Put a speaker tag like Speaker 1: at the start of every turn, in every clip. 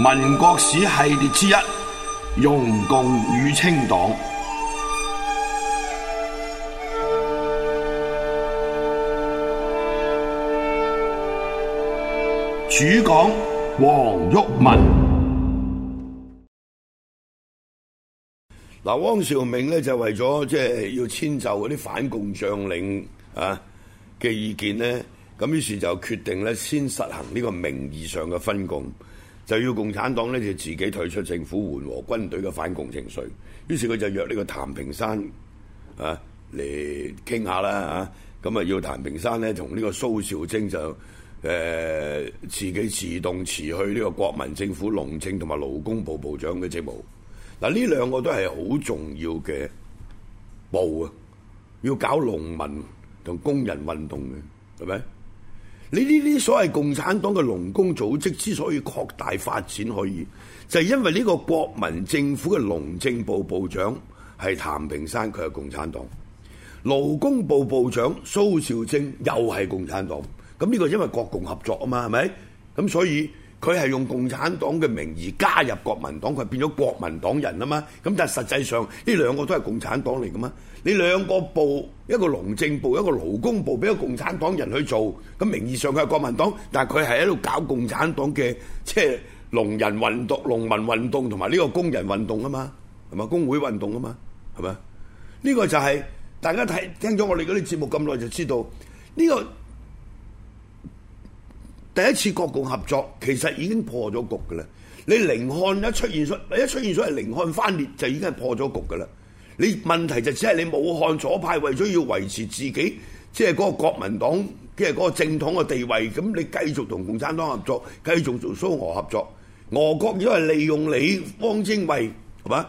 Speaker 1: 民國史系列之一，容共與清黨，主講黃毓民。嗱，汪兆銘咧就為咗即係要遷就嗰啲反共將領啊嘅意見咧，咁於是就決定咧先實行呢個名義上嘅分共。就要共產黨呢，就自己退出政府，緩和軍隊嘅反共情緒。於是佢就約呢個譚平山啊嚟傾下啦嚇。咁啊，談談啊就要譚平山呢，同呢個蘇兆徵就誒、呃、自己自動辭去呢個國民政府農政同埋勞工部部長嘅職務。嗱、啊，呢兩個都係好重要嘅部啊，要搞農民同工人運動嘅，係咪？你呢啲所謂共產黨嘅農工組織之所以可以擴大發展，可以就係、是、因為呢個國民政府嘅農政部部長係譚平山，佢係共產黨；勞工部部長蘇兆正又係共產黨。咁呢個因為國共合作啊嘛，係咪？咁所以佢係用共產黨嘅名義加入國民黨，佢變咗國民黨人啦嘛。咁但係實際上呢兩個都係共產黨嚟噶嘛？你兩個部。一個農政部，一個勞工部，俾個共產黨人去做，咁名義上佢係國民黨，但係佢係喺度搞共產黨嘅即係農人運動、農民運動同埋呢個工人運動啊嘛，係咪？工會運動啊嘛，係咪？呢個就係、是、大家睇聽咗我哋嗰啲節目咁耐就知道，呢、這個第一次國共合作其實已經破咗局㗎啦。你寧漢一出現所，一出現所謂寧漢分裂，就已經係破咗局㗎啦。你問題就只係你武漢左派為咗要維持自己，即係嗰個國民黨，即係嗰個正統嘅地位，咁你繼續同共產黨合作，繼續做蘇俄合作，俄國亦都係利用你汪精衛，係嘛？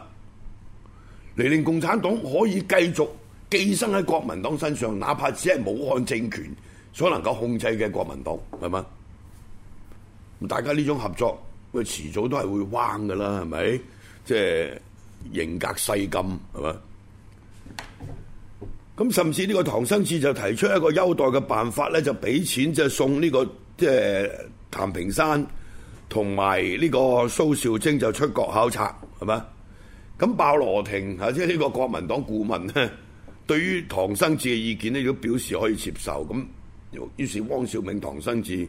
Speaker 1: 嚟令共產黨可以繼續寄生喺國民黨身上，哪怕只係武漢政權所能夠控制嘅國民黨，係嘛？大家呢種合作，佢遲早都係會彎噶啦，係咪？即係。型格細金，係嘛？咁甚至呢個唐生智就提出一個優待嘅辦法咧，就俾錢即送呢、這個即、就是、譚平山同埋呢個蘇兆徵就出國考察係嘛？咁鮑羅廷啊，即、就、呢、是、個國民黨顧問咧，對於唐生智嘅意見呢都表示可以接受，咁於是汪兆銘、唐生智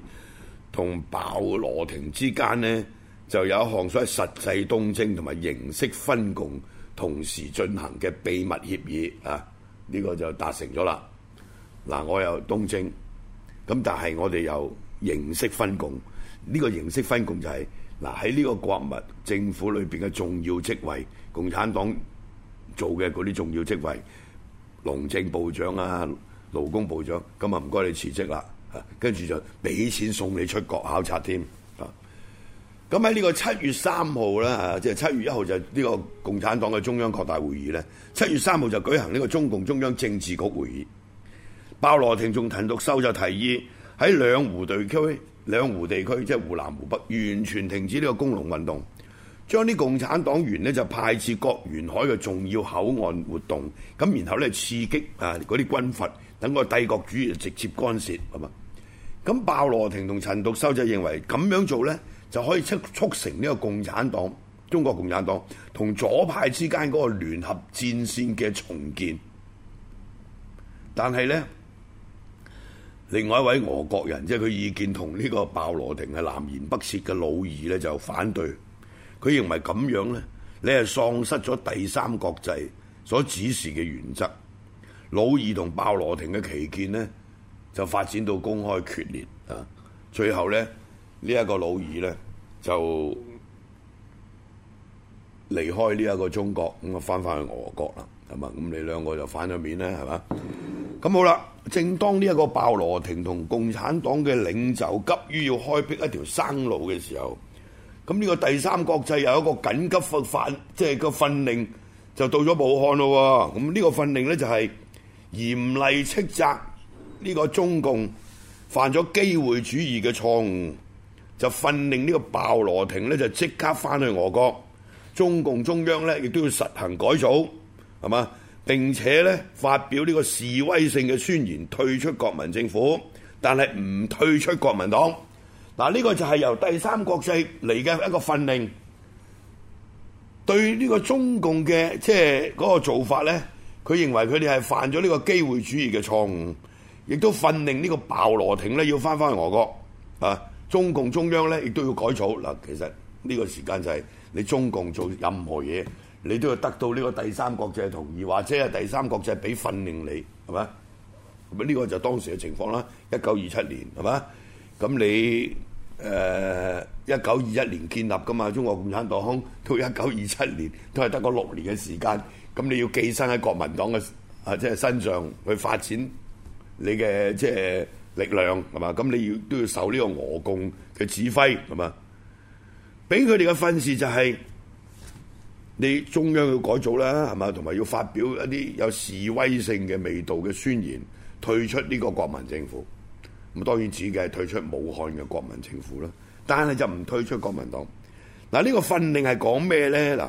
Speaker 1: 同鮑羅廷之間呢，就有一項所謂實際東征同埋形式分共同時進行嘅秘密協議啊，呢、這個就達成咗啦。嗱、啊，我又東征，咁但係我哋又形式分共。呢、這個形式分共就係嗱喺呢個國民政府裏邊嘅重要職位，共產黨做嘅嗰啲重要職位，農政部長啊、勞工部長，今日唔該你辭職啦，跟、啊、住就俾錢送你出國考察添。啊咁喺呢個七月三號啦，即係七月一號就呢個共產黨嘅中央擴大會議呢，七月三號就舉行呢個中共中央政治局會議。鮑羅廷同陳獨秀就提議喺兩湖地區、兩湖地區即係、就是、湖南湖北，完全停止呢個工農運動，將啲共產黨員呢就派至各沿海嘅重要口岸活動，咁然後呢，刺激啊嗰啲軍閥等個帝國主義直接干涉，咁鮑羅廷同陳獨秀就認為咁樣做呢，就可以促成呢個共產黨、中國共產黨同左派之間嗰個聯合戰線嘅重建。但係呢，另外一位俄國人，即係佢意見同呢個鮑羅廷係南轅北轍嘅老二呢，就反對。佢認為咁樣呢，你係喪失咗第三國際所指示嘅原則。老二同鮑羅廷嘅歧見呢，就發展到公開決裂啊！最後呢。呢一個老二咧就離開呢一個中國，咁啊翻返去俄國啦，係嘛？咁你兩個就反咗面啦，係嘛？咁好啦，正當呢一個鮑羅廷同共產黨嘅領袖急於要開闢一條生路嘅時候，咁呢個第三國際有一個緊急訓即係個訓令就到咗武漢咯。咁呢個訓令咧就係、是、嚴厲斥責呢個中共犯咗機會主義嘅錯誤。就訓令呢個鮑羅廷呢，就即刻翻去俄國。中共中央呢，亦都要實行改組，係嘛？並且呢發表呢個示威性嘅宣言，退出國民政府，但係唔退出國民黨。嗱、啊，呢、這個就係由第三國際嚟嘅一個訓令。對呢個中共嘅即係嗰個做法呢，佢認為佢哋係犯咗呢個機會主義嘅錯誤，亦都訓令呢個鮑羅廷呢要翻返去俄國啊。中共中央咧亦都要改組嗱，其實呢個時間就係你中共做任何嘢，你都要得到呢個第三國際嘅同意，或者係第三國際俾訓令你，係嘛？咁呢個就當時嘅情況啦。一九二七年係嘛？咁你誒一九二一年建立㗎嘛？中國共產黨到一九二七年都係得個六年嘅時間，咁你要寄生喺國民黨嘅啊即係身上去發展你嘅即係。力量係嘛？咁你要都要受呢個俄共嘅指揮係嘛？俾佢哋嘅訓示就係你中央要改組啦，係嘛？同埋要發表一啲有示威性嘅味道嘅宣言，退出呢個國民政府。咁當然指嘅係退出武漢嘅國民政府啦。但係就唔退出國民黨。嗱呢個訓令係講咩咧？嗱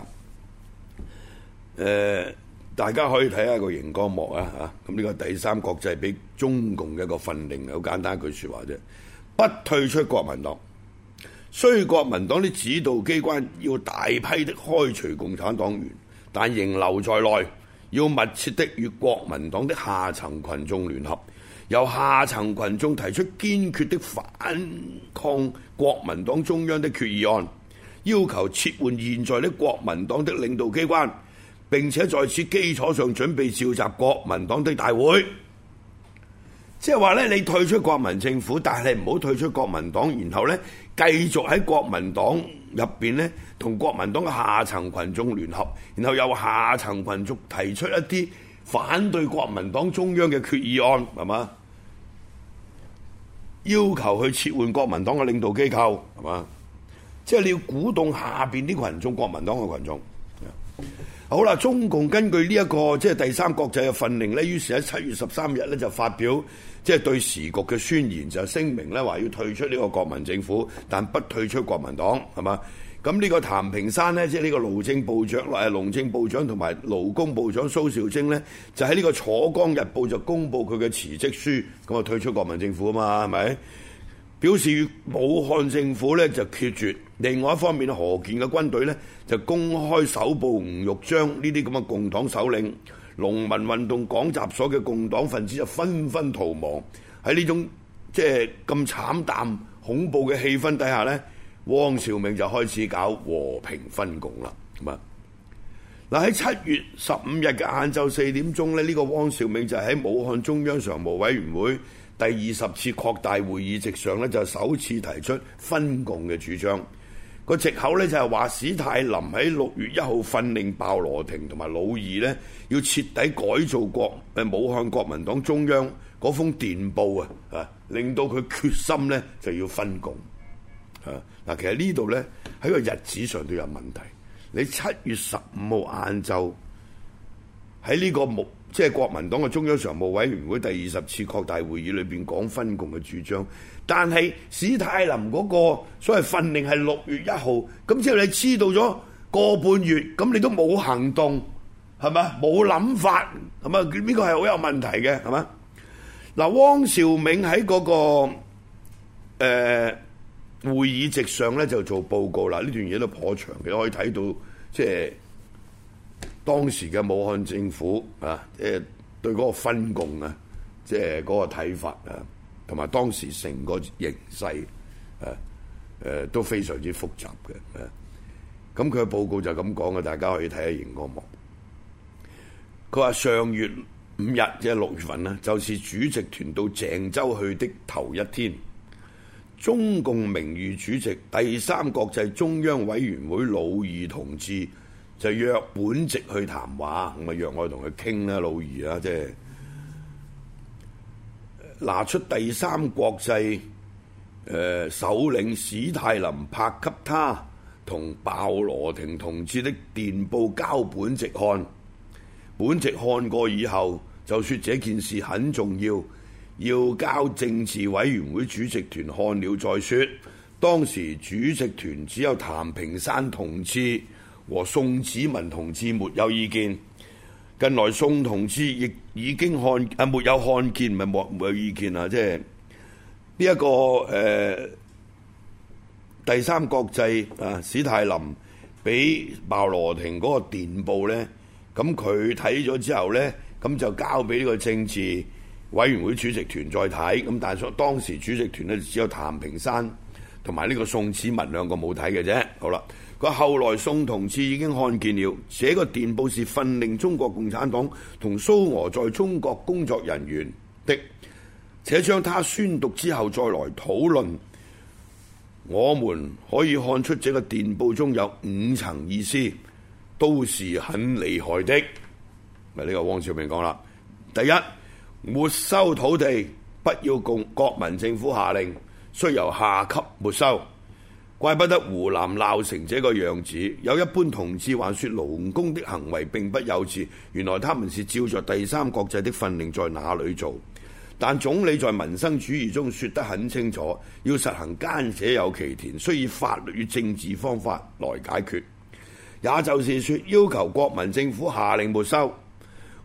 Speaker 1: 誒。大家可以睇下個熒光幕啊嚇！咁呢個第三國際畀中共嘅一個訓令，好簡單一句説話啫：不退出國民黨，雖國民黨的指導機關要大批的開除共產黨員，但仍留在內，要密切的與國民黨的下層群眾聯合，由下層群眾提出堅決的反抗國民黨中央的決議案，要求撤換現在的國民黨的領導機關。並且在此基礎上準備召集國民黨的大會，即係話咧，你退出國民政府，但係唔好退出國民黨，然後咧繼續喺國民黨入邊咧同國民黨嘅下層群眾聯合，然後有下層群眾提出一啲反對國民黨中央嘅決議案，係嘛？要求去撤換國民黨嘅領導機構，係嘛？即係你要鼓動下邊啲群眾，國民黨嘅群眾。好啦，中共根據呢、這、一個即係第三國際嘅訓令呢，於是喺七月十三日呢就發表即係、就是、對時局嘅宣言，就聲明呢話要退出呢個國民政府，但不退出國民黨，係嘛？咁呢個譚平山呢，即係呢個勞政部長，誒、呃、農政部長同埋勞工部長蘇兆徵呢，就喺呢個《楚江日報》就公布佢嘅辭職書，咁啊退出國民政府啊嘛，係咪？表示武漢政府咧就決絕。另外一方面，何健嘅軍隊呢就公開搜捕吳玉章呢啲咁嘅共黨首領，農民運動講習所嘅共黨分子就紛紛逃亡。喺呢種即係咁慘淡恐怖嘅氣氛底下呢，汪兆銘就開始搞和平分共啦。咁啊，嗱喺七月十五日嘅晏晝四點鐘呢，呢個汪兆銘就喺武漢中央常務委員會第二十次擴大會議席上呢就首次提出分共嘅主張。個藉口呢，就係話史泰林喺六月一號訓令鮑羅廷同埋魯二呢要徹底改造國武漢國民黨中央嗰封電報啊，嚇令到佢決心呢就要分共。嚇、啊、嗱，其實呢度呢，喺個日子上都有問題。你七月十五號晏晝喺呢個目。即係國民黨嘅中央常務委員會第二十次擴大會議裏邊講分共嘅主張，但係史太林嗰個所謂命令係六月一號，咁之後你知道咗個半月，咁你都冇行動，係咪？冇諗法，係嘛？呢個係好有問題嘅，係嘛？嗱，汪兆銘喺嗰個誒、呃、會議席上咧就做報告啦，呢段嘢都頗長嘅，都可以睇到即係。當時嘅武漢政府啊，即係對嗰個分共啊，即係嗰個睇法啊，同埋當時成個形勢啊，誒都非常之複雜嘅。咁佢嘅報告就咁講嘅，大家可以睇下熒光幕。佢話上月五日，即係六月份，呢就是主席團到鄭州去的頭一天。中共名譽主席第三國際中央委員會魯易同志。就約本席去談話，咁啊約我同佢傾啦，老二啦、啊，即係拿出第三國際，呃，首領史泰林拍給他同鮑羅廷同志的電報交本席看。本席看過以後，就説這件事很重要，要交政治委員會主席團看了再説。當時主席團只有譚平山同志。和宋子文同志沒有意見。近來宋同志亦已經看啊，沒有看見，咪冇沒，沒有意見啊？即係呢一個誒、呃、第三國際啊，史泰林俾鮑羅廷嗰個電報咧，咁佢睇咗之後咧，咁就交俾呢個政治委員會主席團再睇。咁但係當時主席團咧只有譚平山同埋呢個宋子文兩個冇睇嘅啫。好啦。個後來，宋同志已經看見了，這個電報是訓令中國共產黨同蘇俄在中國工作人員的，且將他宣讀之後，再來討論。我們可以看出這個電報中有五層意思，都是很厲害的。咪，呢個汪兆銘講啦，第一沒收土地，不要共國民政府下令，須由下級沒收。怪不得湖南鬧成這個樣子。有一般同志還說農工的行為並不幼稚，原來他們是照着第三國際的訓令在哪裏做。但總理在民生主義中說得很清楚，要實行奸者有其田，需以，以法律與政治方法來解決。也就是說，要求國民政府下令沒收，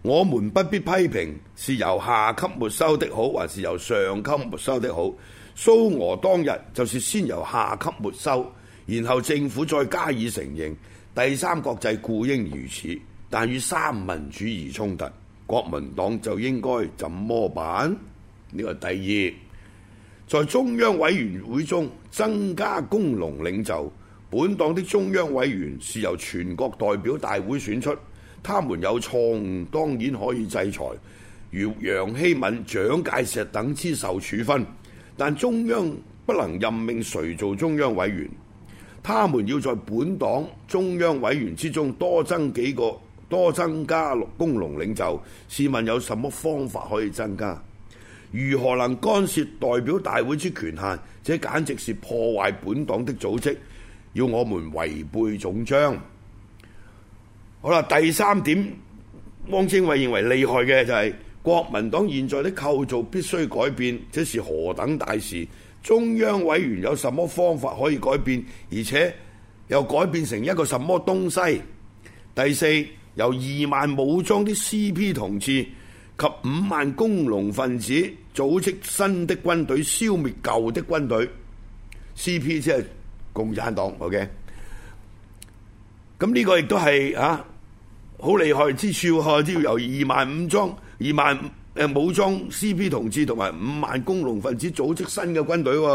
Speaker 1: 我們不必批評是由下級沒收的好，還是由上級沒收的好。蘇俄當日就是先由下級沒收，然後政府再加以承認。第三國際固應如此，但與三民主義衝突，國民黨就應該怎麼辦？呢個第二，在中央委員會中增加工農領袖。本黨的中央委員是由全國代表大會選出，他們有錯誤當然可以制裁，如楊希敏、蔣介石等之受處分。但中央不能任命誰做中央委員，他們要在本黨中央委員之中多增幾個，多增加工農領袖。試問有什麼方法可以增加？如何能干涉代表大會之權限？這簡直是破壞本黨的組織，要我們違背總章。好啦，第三點，汪精衛認為厲害嘅就係、是。國民黨現在的構造必須改變，這是何等大事？中央委員有什麼方法可以改變？而且又改變成一個什麼東西？第四，由二萬武裝的 CP 同志及五萬工農分子組織新的軍隊，消滅舊的軍隊。CP 即係共產黨，OK。咁呢個亦都係啊，好厲害之處，都要由二萬武裝。二萬誒武裝 C.P. 同志同埋五萬工農分子組織新嘅軍隊喎，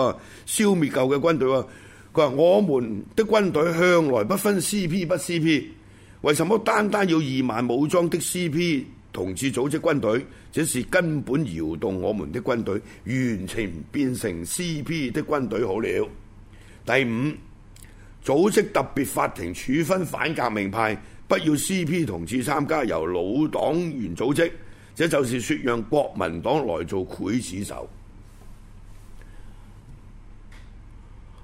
Speaker 1: 消滅舊嘅軍隊喎。佢話：我們的軍隊向來不分 C.P. 不 C.P.，為什麼單單要二萬武裝的 C.P. 同志組織軍隊？這是根本搖動我們的軍隊，完全變成 C.P. 的軍隊好了。第五，組織特別法庭處分反革命派，不要 C.P. 同志參加由老黨員組織。這就是說，讓國民黨來做劊子手。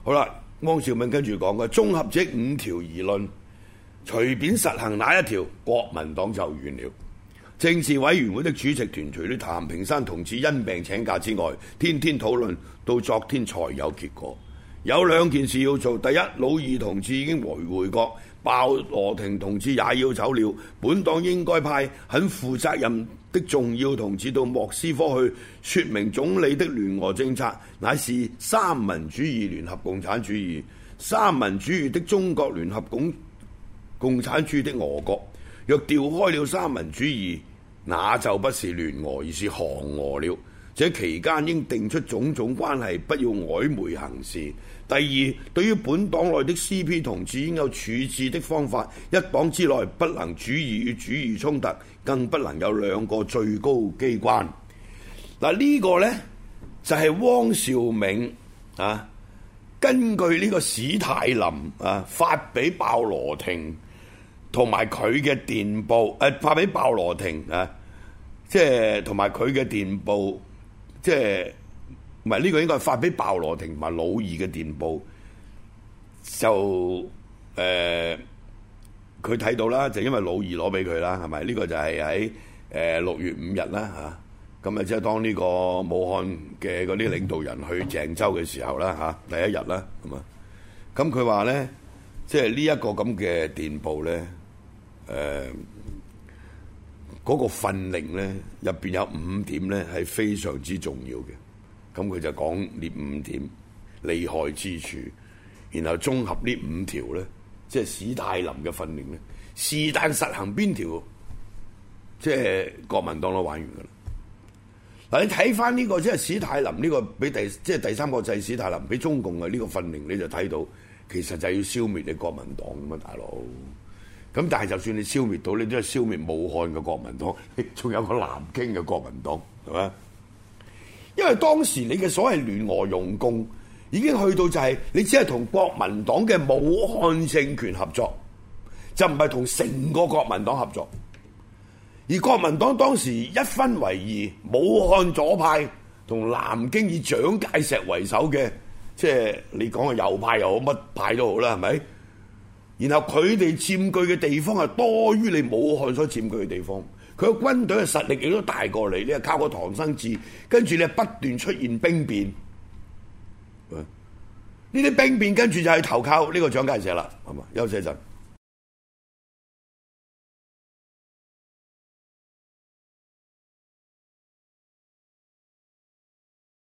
Speaker 1: 好啦，汪兆銘跟住講嘅綜合這五條議論，隨便實行哪一條，國民黨就完了。政治委員會的主席團，除了譚平山同志因病請假之外，天天討論到昨天才有結果。有兩件事要做，第一，老二同志已經回回國。鮑羅廷同志也要走了，本黨應該派很負責任的重要同志到莫斯科去說明總理的聯俄政策，乃是三民主義聯合共產主義，三民主義的中國聯合共共產主義的俄國，若調開了三民主義，那就不是聯俄，而是韓俄了。這期間應定出種種關係，不要曖昧行事。第二，對於本黨內的 CP 同志應有處置的方法，一黨之內不能主義與主義衝突，更不能有兩個最高機關。嗱、這、呢個呢，就係、是、汪兆銘啊，根據呢個史泰林啊發俾鮑羅廷同埋佢嘅電報，誒、啊、發俾鮑羅廷啊，即係同埋佢嘅電報，即係。唔係，呢個應該係發俾鮑羅廷同埋老二嘅電報，就誒佢睇到啦，就是、因為老二攞俾佢啦，係咪？呢、這個就係喺誒六月五日啦嚇，咁啊即係當呢個武漢嘅嗰啲領導人去鄭州嘅時候啦嚇、啊，第一日啦咁、就是、啊，咁佢話咧，即係呢一個咁嘅電報咧，誒嗰個訓令咧入邊有五點咧係非常之重要嘅。咁佢就講呢五點厲害之處，然後綜合呢五條咧，即係史太林嘅訓練咧，是但實行邊條，即係國民黨都玩完噶啦。嗱、這個，你睇翻呢個即係史太林呢、這個俾第即係第三國際史太林俾中共嘅呢個訓練，你就睇到其實就係要消滅你國民黨㗎嘛，大佬。咁但係就算你消滅到，你都係消滅武漢嘅國民黨，仲有個南京嘅國民黨，係嘛？因為當時你嘅所謂聯俄容共，已經去到就係你只係同國民黨嘅武漢政權合作，就唔係同成個國民黨合作。而國民黨當時一分為二，武漢左派同南京以蔣介石為首嘅，即係你講嘅右派又好，乜派都好啦，係咪？然後佢哋佔據嘅地方係多於你武漢所佔據嘅地方。佢個軍隊嘅實力亦都大過你，你係靠過唐生智，跟住你不斷出現兵變，呢啲兵變跟住就係投靠呢個蔣介石啦，係嘛？休息一陣。